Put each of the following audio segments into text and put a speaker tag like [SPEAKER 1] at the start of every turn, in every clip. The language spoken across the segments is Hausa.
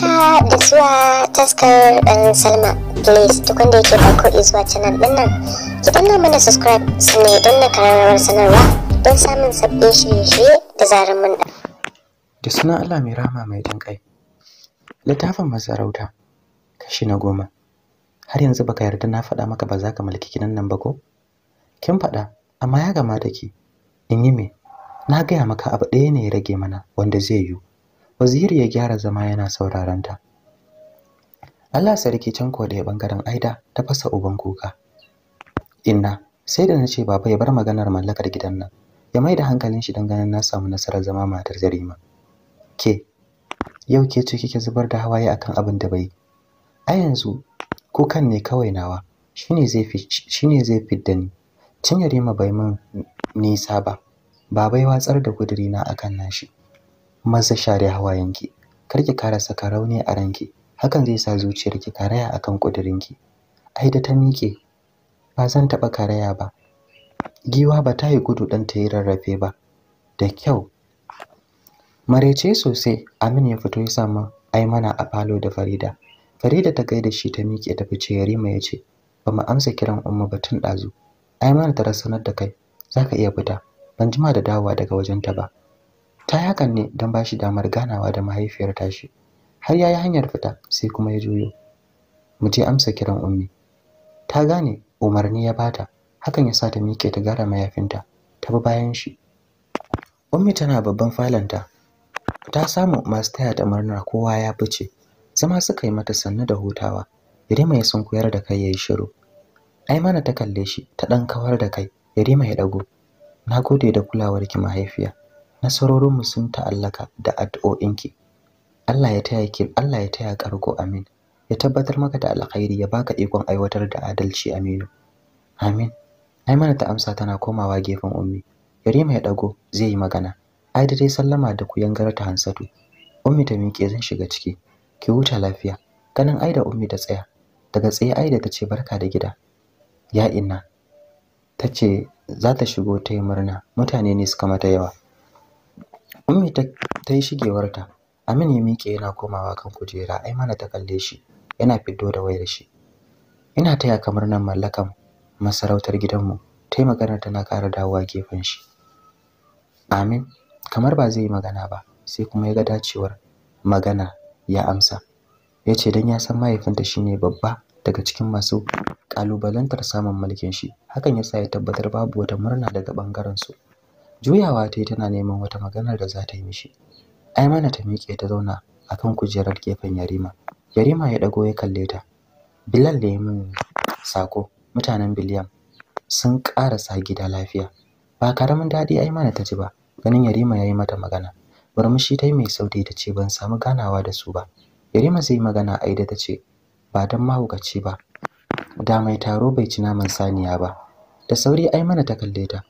[SPEAKER 1] haka ah, da zuwa taskar ɗan um, salma please duk wanda yake farko izuwa canal ɗin nan ki danna mana subscribe sannan don na kararrawar sanarwa don samun sabbin shirye-shirye da zarar mun da da sunan allah mai rama mai jin kai littafin masarauta kashi na goma har yanzu baka yarda na faɗa maka ba za ka mulki kinan nan ba ko kin faɗa amma ya kamata ki in yi me na gaya maka abu ɗaya ne ya rage mana wanda zai yiwu Waziri ya gyara zama yana sauraron ta. Allah sarki can ko da bangaren Aida ta fasa uban kuka. Inna sai da nace baba ya bar maganar mallakar gidan nan. Ya maida hankalin shi ganin na samu nasarar zama matar Zarima. Ke yau ke ce kike zubar da hawaye akan abin da bai. A yanzu kukan ne kawai nawa shine zai fi shine zai fidda ni. Cin Yarima bai mun nisa ba. Baba ya watsar da kudurina akan nashi. maza share hawayenki kar ki kara saka rauni a ranki hakan zai sa zuciyarki karaya akan kudirinki ai da ta miƙe ba zan taɓa karaya ba giwa ba ta yi gudu dan ta yi rarrafe ba da kyau marece sosai amin ya fito ya samu aimana a falo da farida farida ta gaida shi ta mike ta fice yarima ya ce ba mu amsa kiran umma ba tun ɗazu mana ta rasanar da kai zaka iya fita ban jima da dawowa daga wajenta ba ta yi hakan ne don ba shi damar ganawa da mahaifiyar tashi har ya yi hanyar fita sai kuma ya juyo mu je amsa kiran ummi ta gane umarni ya bata hakan ya sa ta miƙe ta gara mayafinta ta bi bayan shi ummi tana babban falanta ta samu masu taya ta murna kowa ya fice zama suka yi mata sannu da hutawa yarima ya sunkuyar da kai ya yi shiru ai mana ta kalle shi ta ɗan kawar da kai yarima ya ɗago na gode da kulawarki mahaifiya nasarorinmu sun ta'allaka da addu'o'inki Allah ya taya ki Allah ya taya karko amin ya tabbatar maka da alkhairi ya baka ikon aiwatar da adalci aminu amin ai mana ta amsa tana komawa gefen ummi yarima ya dago zai yi magana ai da dai sallama da ku yangara ta hansatu ummi ta miƙe zan shiga ciki ki huta lafiya ganin ai da ummi ta tsaya daga tsaye ai da ta ce barka da gida ya inna tace ce za ta shigo ta yi murna mutane ne suka mata yawa Ummi ta yi shigewarta. Amin ya miƙe yana komawa kan kujera. ai mana ta kalle shi yana fiddo da wayar shi. Ina taya kamar nan mallakan masarautar gidanmu. Ta yi magana tana ƙara dawowa gefen shi. Amin kamar ba zai yi magana ba sai kuma ya ga dacewar magana ya amsa. Ya ce don ya san mahaifinta shi ne babba daga cikin masu ƙalubalantar samun mulkin shi. Hakan ya sa ya tabbatar babu wata murna daga ɓangaren su. juyawa ta yi tana neman wata maganar da za ta yi mishi ai mana ta miƙe ta zauna a kan kujerar gefen yarima yarima ya ɗago ya kalle ta bilal da ya min sako mutanen biliyan sun ƙarasa gida lafiya ba karamin daɗi ai mana ta ji ba ganin yarima ya yi mata magana murmushi ta yi mai sauti ta ce ban samu ganawa da su ba yarima zai magana ai da ta ce ba don mahaukaci ba da mai taro bai ci naman saniya ba da sauri ai mana ta kalle ta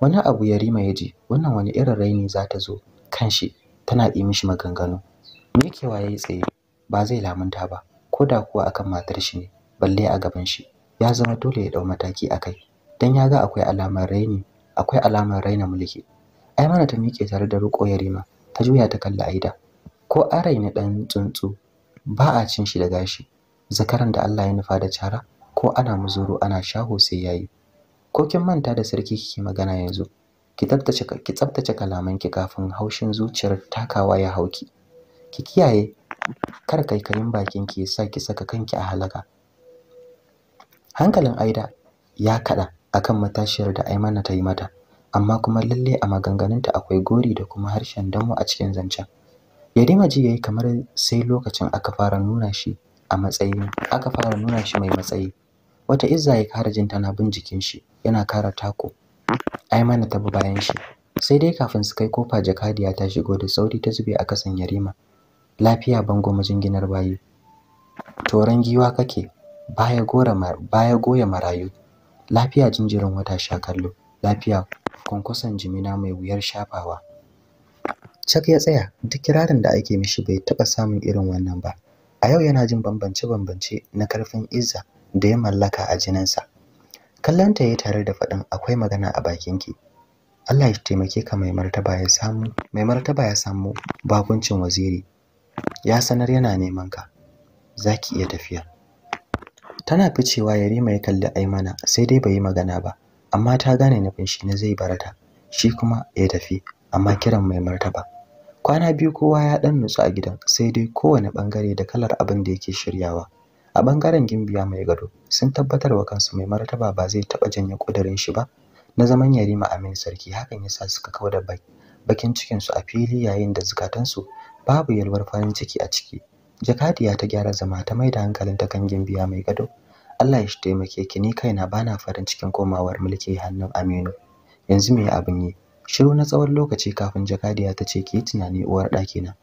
[SPEAKER 1] wani abu yarima ya je wannan wani irin raini za ta zo kan shi tana yi mishi maganganu me ya yi tsaye ba zai lamunta ba ko da kuwa akan matar shi ne balle a gaban shi ya zama dole ya dau mataki a kai dan ya ga akwai alamar raini akwai alamar raina mulki ai mana ta miƙe tare da riko yarima ta juya ta kalla aida ko an raini dan tsuntsu ba a cin shi da gashi zakaran da Allah ya nufa da cara ko ana muzuru ana shaho sai yayi ko kin manta da sarki kike magana yanzu ki tsaftace ki tsabtace kalamanki kafin haushin zuciyar takawa ya hauki ki kiyaye kar kai kayin bakin ki sa ki saka kanki a halaka hankalin aida ya kada akan matashiyar da aimana ta yi mata amma kuma lalle a maganganunta akwai gori da kuma harshen damo a cikin zancen yadima ji yayi kamar sai lokacin aka fara nuna shi a matsayin aka fara nuna shi mai matsayi wata izza ya kara jin tana bin jikin shi yana kara tako Ai mana bi bayan shi sai dai kafin su kai kofa jakadiya ta shigo da sauri ta zube a kasan yarima lafiya bango majinginar bayi toran giwa kake baya gora baya goya marayu lafiya jinjirin wata sha kallo lafiya kunkusan jimina mai wuyar shafawa Chuck ya tsaya duk kirarin da ake mishi bai taba samun irin wannan ba a yau yana jin bambance-bambance na karfin izza da ya mallaka a jininsa kallon ta yayi tare da faɗin akwai magana a bakin ki. Allah ya taimake ka mai martaba ya samu mai martaba ya samu bakuncin waziri ya sanar yana neman ka zaki iya tafiya tana ficewa Yarima ya kalli Aimana sai dai bai yi magana ba amma ta gane nufin shi na zai barata shi kuma ya tafi amma kiran mai martaba kwana biyu kowa ya dan nutsu a gidan sai dai kowane bangare da kalar abin da yake shiryawa a bangaren gimbiya mai gado sun tabbatar wa kansu mai martaba ba zai taba janye kudirin shi ba na zaman yarima amin sarki hakan yasa suka kawo da bakin cikin su a fili yayin da zukatansu babu yalwar farin ciki a ciki jakadiya ta gyara zama ta maida hankalin ta kan gimbiya mai gado Allah ya shi taimake ki ni kaina bana farin cikin komawar mulki hannun Aminu yanzu me abin yi shiru na tsawon lokaci kafin jakadiya ta ce ki yi tunani uwar ɗakina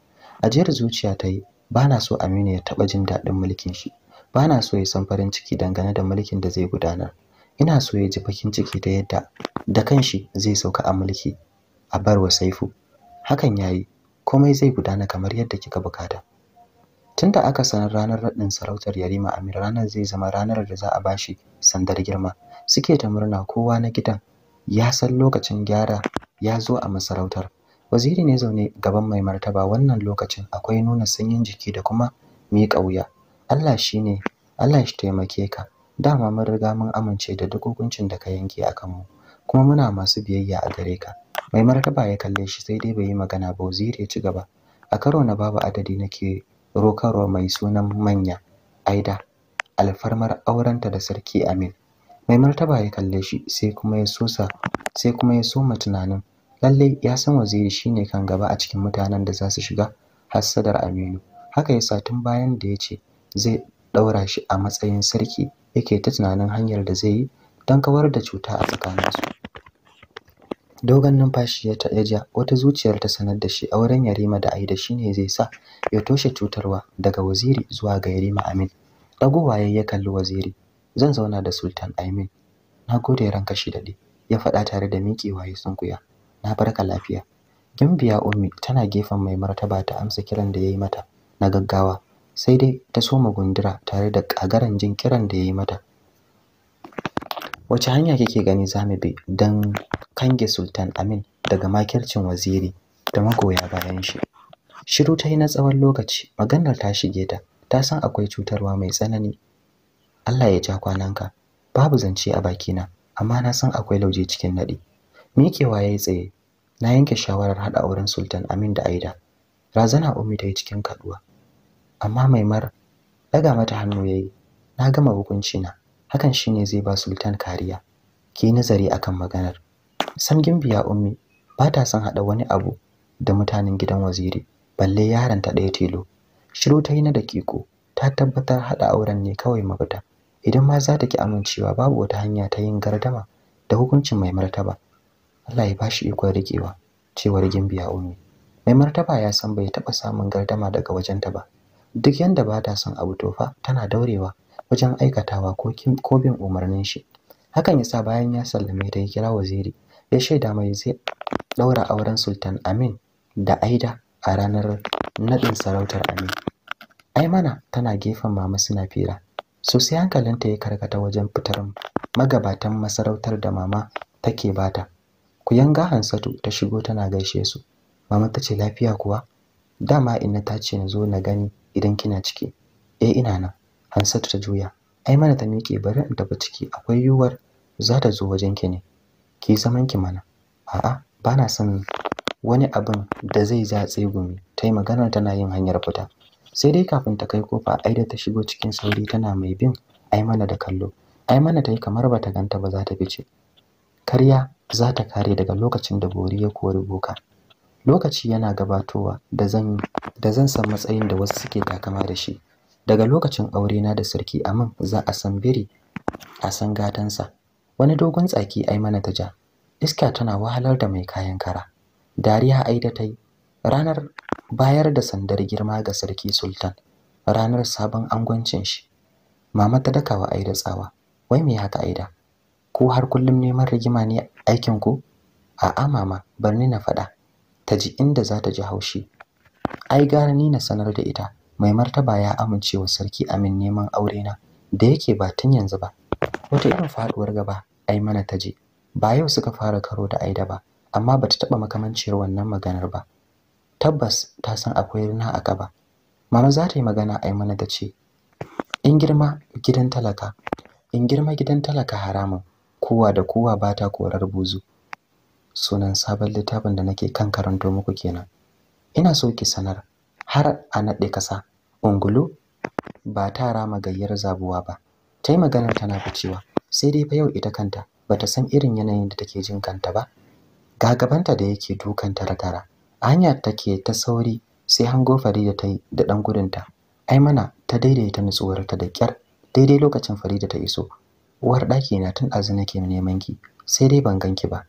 [SPEAKER 1] ajiyar zuciya ta yi bana so Aminu ya taɓa jin daɗin mulkin shi ba na so ya san farin ciki dangane da mulkin da zai gudanar ina so ya ji bakin ciki da yadda da kanshi zai sauka a mulki a bar wa saifu hakan yayi komai zai gudana kamar yadda kika bukata tunda aka sanar ranar raɗin sarautar yarima amir ranar zai zama ranar da za a bashi sandar girma suke ta murna kowa na gidan ya san lokacin gyara ya zo a masarautar waziri ne zaune gaban mai martaba wannan lokacin akwai nuna sanyin jiki da kuma miƙa wuya Allah shi ne Allah shi taimake ka dama mun riga mun amince da duk hukuncin da ka yanke a kanmu. kuma muna masu biyayya a gare ka mai martaba ya kalle shi sai dai bai yi magana ba waziri ya ci gaba a karo na babu adadi nake rokarwa mai sunan manya aida alfarmar aurenta da sarki amin mai martaba ya kalle shi sai kuma ya sosa sai kuma ya soma tunanin Lallai, ya san waziri shine kan gaba a cikin mutanen da za su shiga hassadar aminu haka ya sa tun bayan da ya ce zai ɗaura shi a matsayin sarki yake ta tunanin hanyar da zai yi don kawar da cuta a tsakaninsu dogon numfashi ya ta ja wata zuciyar ta sanar da shi auren yarima da aida ne zai sa ya toshe cutarwa daga waziri zuwa ga yarima amin ɗagowa ya kalli waziri zan zauna da sultan aimin na gode ranka shi daɗi. ya faɗa tare da miƙewa ya sunkuya na barka lafiya gimbiya ummi tana gefen mai martaba ta amsa kiran da ya yi mata na gaggawa sai dai ta soma gundura tare da kagaran jin kiran da ya yi mata wace hanya kike gani zamu bi don kange sultan amin daga makircin waziri da magoya bayan shi shiru ta yi na tsawon lokaci maganar ta shige ta ta san akwai cutarwa mai tsanani Allah ya ja kwananka babu zance a bakina amma na san akwai lauje cikin nadi ya yi tsaye na yanke shawarar hada auren sultan amin da aida razana umi ta yi cikin kaduwa amma maimar daga mata hannu ya yi, na gama hukunci na hakan shine zai ba sultan kariya ki nazari kan maganar San gimbiya ummi ba ta son hada wani abu da mutanen gidan waziri balle yaron ta ɗaya tilo shiru ta yi na dakiko ta tabbatar hada auren ne kawai mafita idan ma za ta ki amincewa babu wata hanya ta yin gardama da hukuncin mai martaba Allah ya bashi ikon rikewa cewar gimbiya ummi mai martaba ya san bai taba samun gardama daga wajenta ba duk yanda ba ta son abu to fa tana daurewa wajen aikatawa ko ko bin umarnin shi hakan yasa bayan ya sallame da ya kira waziri ya shaida mai zai daura auren sultan amin da aida a ranar nadin sarautar amin Ai mana, tana gefen mama suna fira sai hankalinta ya karkata wajen fitar magabatan masarautar da mama take bata ku yanga hansatu ta shigo tana gaishe su mama ta ce lafiya kuwa dama ina ta ce na zo na gani idan kina ciki eh ina nan Hansatu ta juya ai mana ta miƙe bari in tafi ciki akwai yuwar za ta zo wajen ki ne ki zaman ki mana a'a bana son wani abin da zai za zatse ta yi maganar tana yin hanyar fita sai dai kafin ta kai kofa ai da ta shigo cikin sauri tana mai bin 'Ai mana da kallo ai mana ta yi kamar ba ta ganta ba za ta fice karya za ta kare daga lokacin da bori ya kori boka lokaci yana gabatowa da zan yi. da zan san matsayin da wasu suke takama da shi daga lokacin aure na da sarki amin za a san biri a san gatansa wani dogon tsaki ai mana ta ja iska tana wahalar da mai kayan kara dariya ai da tai ranar bayar da sandar girma ga sarki sultan ranar sabon angwancin shi mama ta dakawa aida tsawa wai me haka aida ko har kullum neman rigima ne aikin ku a'a mama bar ni na faɗa ta ji inda za ta ji haushi ai gara ni na sanar da ita mai martaba ya amince wa sarki amin neman aure na da yake ba tun yanzu ba wata irin faduwar gaba ai mana ta je ba yau suka fara karo da aida ba amma ba ta taba makamanciyar wannan maganar ba tabbas ta san akwai rina a gaba mama za ta yi magana ai mana ta ce in girma gidan talaka in girma gidan talaka haramun kowa da kowa ba ta korar buzu sunan sabon littafin da nake kan karanto muku kenan ina so ki sanar har a naɗe kasa ungulu ba ta rama gayyar zabuwa ba ta yi maganar tana ficewa sai dai fa yau ita kanta ba ta san irin yanayin da take jin kanta ba ga gabanta da yake dukan tara-tara hanya take ta sauri sai hango Farida ta yi da ɗan gudunta ai mana ta daidaita nutsuwarta da kyar daidai lokacin Farida ta iso uwar ɗaki na tun azu nake neman ki sai dai ban ganki ba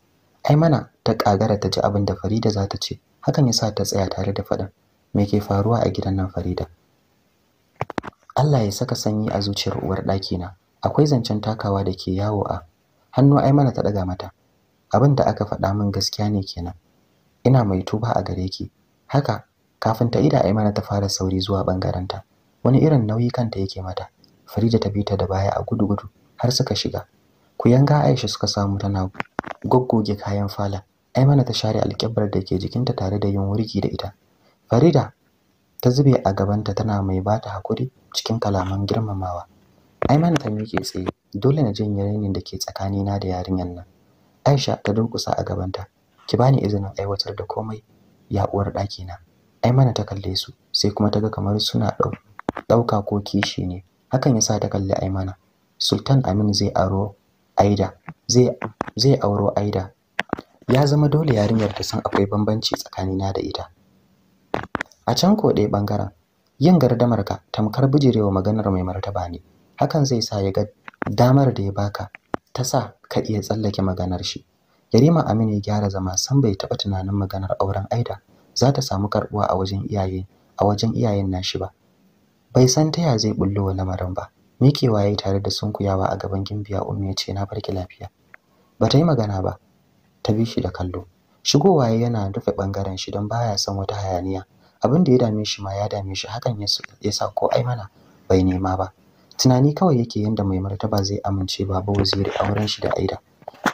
[SPEAKER 1] ai mana ta ƙagara ta ji abin da Farida za ta ce hakan ya sa ta tsaya tare da faɗin me ke faruwa a gidan nan farida Allah ya saka sanyi a zuciyar uwar na akwai zancen takawa da ke yawo a hannu ai mana ta ɗaga mata abin da aka faɗa min gaskiya ne kenan ina mai tuba a gare ki haka kafin ta ida mana ta fara sauri zuwa bangaranta wani irin nauyi kanta yake mata Farida ta bi ta da baya a gudu-gudu har suka shiga Ku yanga Aisha suka samu tana goggoge kayan fala Aimana ta share alƙiblar da ke jikinta tare da yin wurgi da ita. Farida ta zube a gabanta tana mai bata hakuri cikin kalaman girmamawa. Aimana ta miƙe tsaye, dole na jin rainin da ke tsakanina da yarinyar nan. Aisha ta durƙusa a gabanta. Ki bani izinin aiwatar da komai ya uwar ɗakina. Aimana ta kalle su, sai kuma ta ga kamar suna ɗauka ko kishi ne. Hakan yasa ta kalli Aimana. Sultan Amin zai aro Aida, zai zai auro Aida ya zama dole yarinyar ta san akwai bambanci tsakanina da ita a can ko ɗaya ɓangaren yin gardamar ka tamkar bijirewa maganar mai martaba ne hakan zai sa ya ga damar da ya baka ta sa ka iya tsallake maganar shi yarima aminu ya gyara zama san bai taɓa tunanin maganar auren aida za ta samu karɓuwa a wajen iyaye a wajen iyayen nashi ba bai san ta ya zai bullo wa lamarin ba mikewa yayi tare da sunkuyawa a gaban gimbiya ummi ya ce na farki lafiya Ba ta yi magana ba ta bi shi da kallo shigowa yana rufe ɓangaren shi don baya son wata hayaniya abin da ya dame shi ma ya dame shi hakan ya sa ko ai mana bai nema ba tunani kawai yake yanda mai martaba zai amince baba waziri auren shi da aida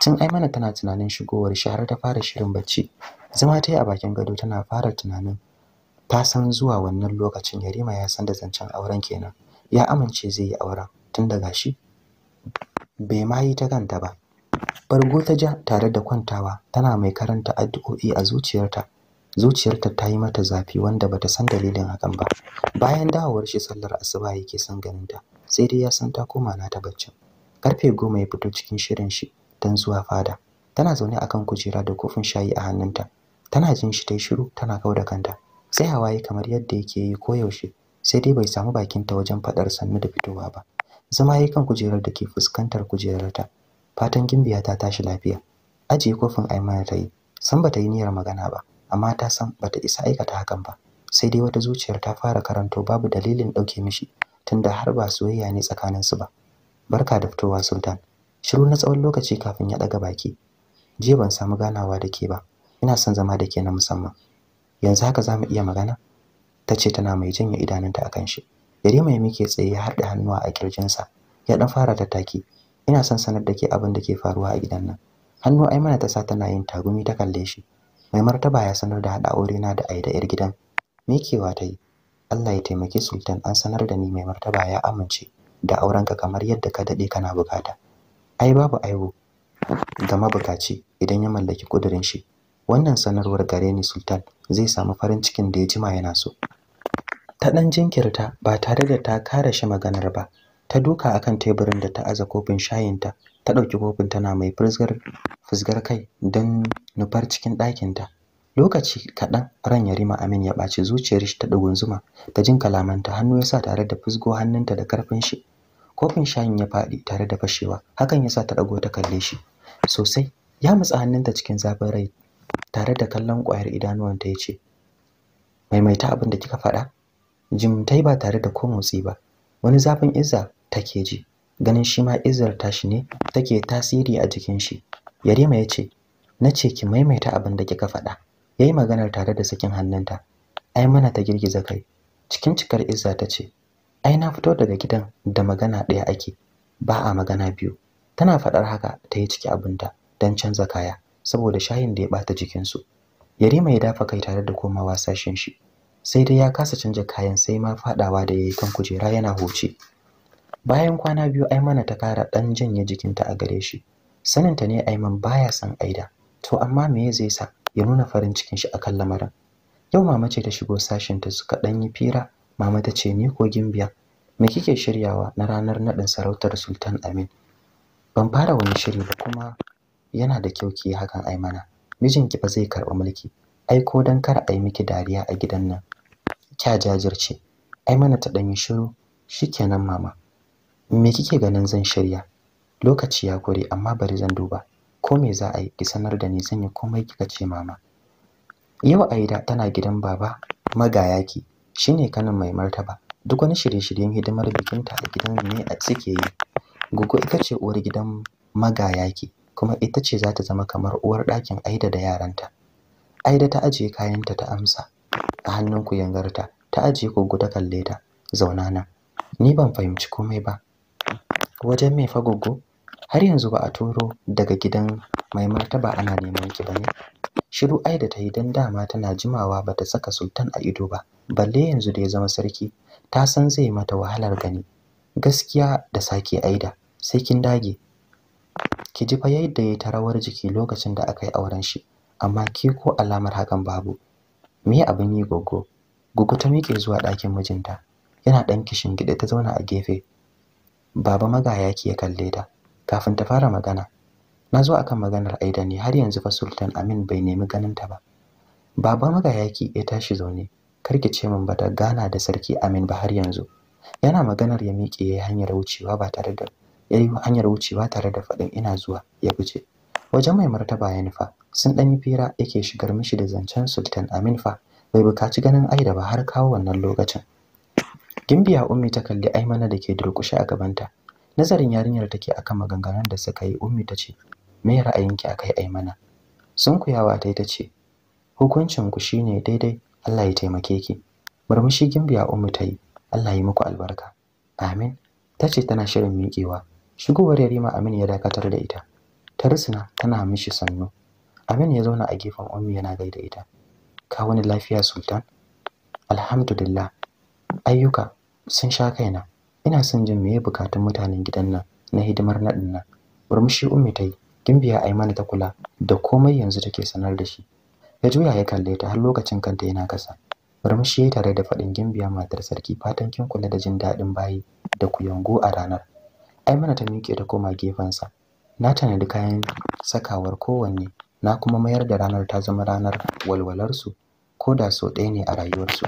[SPEAKER 1] tun ai mana tana tunanin shigowar shi har ta fara shirin bacci zama ta yi a bakin gado tana fara tunanin ta san zuwa wannan lokacin yarima ya san da zancen auren kenan ya amince zai yi auren tun daga shi bai ma yi ta kanta ba bargo ta ja tare da kwantawa tana mai karanta addu'o'i a zuciyarta zuciyarta ta yi mata zafi wanda bata san dalilin hakan ba bayan dawowar shi sallar asuba yake son ganin ta sai dai ya san ta koma ta baccin karfe goma ya fito cikin shirin shi don zuwa fada tana zaune akan kujera da kofin shayi a hannunta tana jin shi ta shiru tana kau da kanta sai hawaye kamar yadda yake yi ko yaushe, sai dai bai samu bakinta wajen faɗar sannu da fitowa ba zama ya kan kujerar da ke fuskantar kujerarta fatan gimbiya ta tashi lafiya ajiye kofin aimana ta yi san bata yi niyyar magana ba amma ta san bata isa aikata hakan ba sai dai wata zuciyar ta fara karanto babu dalilin ɗauke mishi tunda har ba soyayya ne tsakanin su ba barka da fitowa sultan shiru na tsawon lokaci kafin ya ɗaga baki jiya ban samu ganawa da ke ba ina son zama da ke na musamman yanzu haka za mu iya magana ta ce tana mai janye idanunta akan shi yarima mai muke tsaye ya haɗa hannuwa a kirjinsa ya ɗan fara tattaki ina son sanar da ke abin da ke faruwa a gidan nan hannu aimana ta sa tana yin tagumi ta kalle shi mai martaba ya sanar da haɗa aure na da aida yar gidan me kewa ta yi Allah ya taimaki sultan an sanar da ni mai martaba ya amince da aurenka kamar yadda ka daɗe kana bukata ai babu aibu ga mabukaci idan ya mallaki kudirin shi wannan sanarwar gare ni sultan zai samu farin cikin da ya jima yana so ta ɗan jinkirta ba tare da ta kare shi maganar ba ta duka akan teburin da ta aza kofin shayinta ta ɗauki kofin tana mai fusgar kai don nufar cikin ɗakinta lokaci kaɗan ran yarima amin ya ɓaci zuciyar shi ta zuma da jin kalamanta hannu ya sa tare da fusgo hannunta da ƙarfin shi kofin shayin ya faɗi tare da fashewa hakan ya sa ta ɗago ta kalle shi sosai ya matsa hannunta cikin zafin rai tare da kallon ƙwayar idanuwanta ya ce maimaita abin da kika faɗa jim ba tare da ko motsi ba wani zafin izza take ji ganin shi ma izar tashi ne take tasiri a jikin shi yarima ya ce na ce ki maimaita abin da kika faɗa ya yi maganar tare da sakin hannunta ai mana ta girgiza kai cikin cikar izza ta ce ai na fito daga gidan da magana ɗaya ake ba a magana biyu tana faɗar haka ta yi ciki abinta don canza kaya saboda shayin da ya ɓata su. yarima ya dafa kai tare da komawa sashen shi sai dai ya kasa canja kayan sai ma faɗawa da ya yi kan kujera yana huce bayan kwana biyu aimana ta kara dan janye jikinta a gare shi saninta ne aiman baya son aida to amma me zai sa ya nuna farin cikin shi akan lamarin yau mama ce ta shigo sashin ta suka dan yi fira mama ta ce ni ko gimbiya me kike shiryawa na ranar nadin sarautar sultan amin ban fara wani shiri ba kuma yana da kyau ki hakan aimana mijinki ba zai karɓi mulki ai ko dan kar ai miki dariya a gidan nan kya jajirce Aimana ta dan yi shiru shikenan mama me kike ganin zan shirya lokaci ya kure amma bari zan duba ko me za a yi ki sanar da ni zan komai kika ce mama yau aida tana gidan baba magayaki shine kanin mai martaba duk wani shirye-shiryen hidimar bikinta a gidan ne a suke yi gugu ita ce uwar gidan magayaki kuma ita ce za ta zama kamar uwar ɗakin aida da yaranta aida ta ajiye kayanta ta amsa a hannun ku yangarta ta ajiye ku guda kalle ta zauna nan ni ban fahimci komai ba wajen mai fagogo har yanzu ba a turo daga gidan mai martaba ana neman ki ne. shiru ai da ta yi dan dama tana jimawa ba ta saka sultan a ido ba balle yanzu da ya zama sarki ta san zai mata wahalar gani gaskiya da sake aida sai kin dage ki ji fa yadda ya tarawar jiki lokacin da aka yi auren shi amma ki ko alamar hakan babu me abin yi gogo gogo ta miƙe zuwa ɗakin mijinta yana ɗan kishin gida ta zauna a gefe baba magayaki ya kalle ta kafin ta fara magana na zo akan maganar aida ne har yanzu fa sultan amin bai nemi ganin ta ba baba magayaki ya tashi zaune karki ce min bata gana da sarki amin ba har yanzu yana maganar ya miƙe ya hanyar wucewa ba tare da yi hanyar wucewa tare da faɗin ina zuwa ya fice wajen mai martaba ya nufa sun ɗan yi fira yake shigar mishi da zancen sultan amin fa bai buƙaci ganin aida ba har kawo wannan lokacin Gimbiya Ummi ta kalli Aimana da ke durƙushe a gabanta. Nazarin yarinyar take akan maganganun da suka yi Ummi ta ce, "Me ra'ayinki akai Aimana?" Sunkuyawa ta yi "Hukuncin "Hukuncin ku shine daidai, Allah ya taimake ki." Murmushi Gimbiya Ummi ta yi, "Allah ya muku albarka." Amin. Ta ce tana shirin miƙewa. Shigowar Yarima Amin ya dakatar da ita. Ta rusuna tana mishi sannu. Amin ya zauna a gefen Ummi yana gaida ita. Ka wani lafiya Sultan? Alhamdulillah. Ayyuka sun sha kaina ina son jin meye bukatun mutanen gidan nan na hidimar naɗin nan murmushi ummi ta yi gimbiya aimana ta kula da komai yanzu take sanar da shi ya juya ya kalle ta har lokacin kanta yana kasa murmushi ya tare da faɗin gimbiya matar sarki fatan kin kula da jin daɗin bayi da kuyango a ranar aimana ta miƙe ta koma gefensa na tanadi kayan sakawar kowanne na kuma mayar da ranar ta zama ranar walwalarsu ko da sau ɗaya ne a rayuwarsu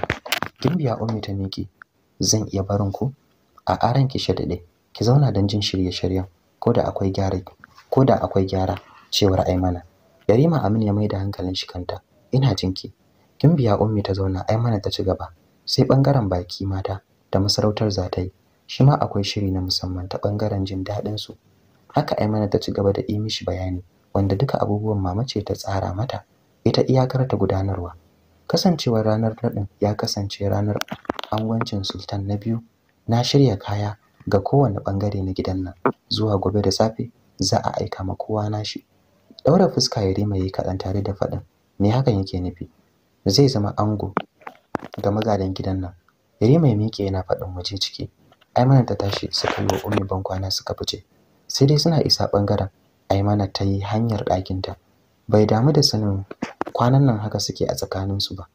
[SPEAKER 1] gimbiya ummi ta miƙe zan iya barin ku a aran ki shadade ki zauna don jin shirye-shiryen ko da akwai gyara ko da akwai gyara cewar Aimana Yarima Amin ya mai da hankalin shi kanta ina ki. kin biya ummi ta zauna Aimana ta ci gaba sai bangaren baki mata da masarautar za zatai shi ma akwai shiri na musamman ta bangaren jin daɗin su haka Aimana ta ci gaba da yi mishi bayani wanda duka abubuwan mamace ta tsara mata ita iyakar ta gudanarwa kasancewar ranar naɗin ya kasance ranar angwancin sultan na biyu na shirya kaya ga kowane bangare na gidan nan zuwa gobe da safe za a aika ma kowa nashi daura fuska ya rima yi kaɗan tare da faɗin me hakan yake nufi zai zama ango ga mazalin gidan nan Yarima ya miƙe yana faɗin waje ciki Aimana ta tashi suka yi wa Ummi bankwana suka fice sai dai suna isa bangaren Aimana ta yi hanyar ɗakinta bai damu da sanin kwanan nan haka suke a tsakaninsu ba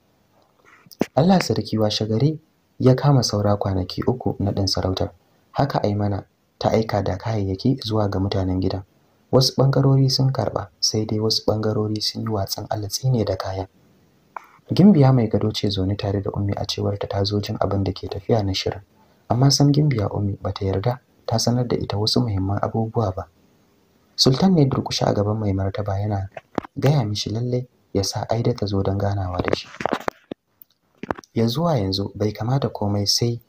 [SPEAKER 1] Allah sarki wa Shagari ya kama saura kwanaki uku na ɗin sarautar haka aimana ta aika da kayayyaki zuwa ga mutanen gidan wasu ɓangarori sun karɓa sai dai wasu ɓangarori sun yi watsan alatsi ne da kaya. gimbiya mai gado ce zaune tare da ummi a cewar ta tazo jin abin da ke tafiya na shirin amma san gimbiya ummi ta yarda ta sanar da ita wasu muhimman abubuwa ba sultan ne durƙusha a gaban mai martaba yana gaya mishi lallai ya sa Aida ta zo don ganawa da shi. Ya zuwa yanzu bai kamata komai sai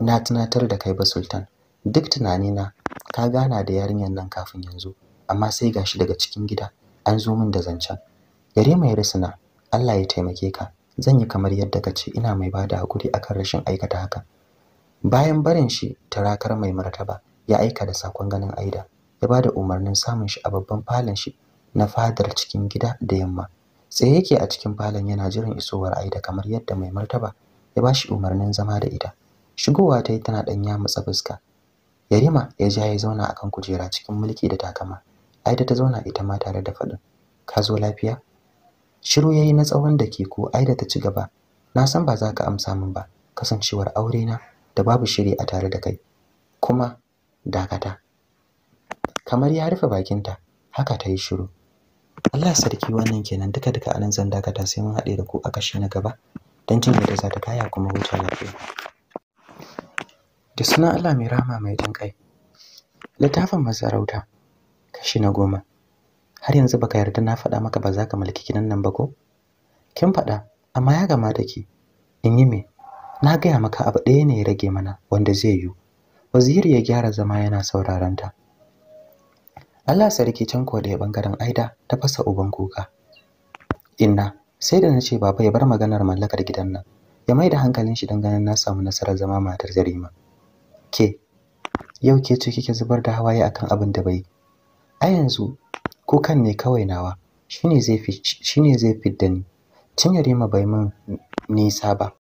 [SPEAKER 1] na tunatar da kai ba Sultan. Duk tunanina ka gana da yarinyar nan kafin yanzu, amma sai gashi daga cikin gida an zo min da zancen. Gare mai risina, Allah ya taimake ka. Zan yi kamar yadda ka ce ina mai bada hakuri akan rashin aikata haka. Bayan barin shi tarakar mai martaba ya aika da sakon ganin Aida, ya bada umarnin samun shi a babban falon shi na fadar cikin gida da yamma. sai yake a cikin falon yana jiran isowar aida kamar yadda mai martaba ya bashi umarnin zama da ita shigowa ta yi tana ɗan yamutsa fuska yarima ya ja ya zauna akan kujera cikin mulki da takama aida ta zauna ita ma tare da faɗin ka zo lafiya shiru yayi na tsawon ke ko aida ta ci gaba na san ba za ka amsa min ba kasancewar aure na da babu shiri a tare da kai kuma dakata kamar ya rufe bakinta haka ta yi shiru Allah sarki wannan kenan duka duka anan zan dakata sai mun haɗe da ku a kashe na gaba dan jin yadda za ta kaya kuma huta lafiya da sunan Allah mai rahama mai jin kai littafin masarauta kashi na goma har yanzu baka yarda na faɗa maka ba za ka mulki kinan nan ba ko kin faɗa amma ya gamata ki in yi me na gaya maka abu ɗaya ne ya rage mana wanda zai yiwu waziri ya gyara zama yana sauraron ta Allah sarki can ko da bangaren Aida ta fasa uban kuka inna sai da nace baba ya bar maganar mallakar gidan nan ya maida hankalin shi dan ganin na samu nasarar zama matar Zarima ke yau ke ce kike zubar da hawaye akan abin da bai a yanzu kukan ne kawai nawa shine zai fi shine zai fidda ni Tun Yarima bai min nisa ba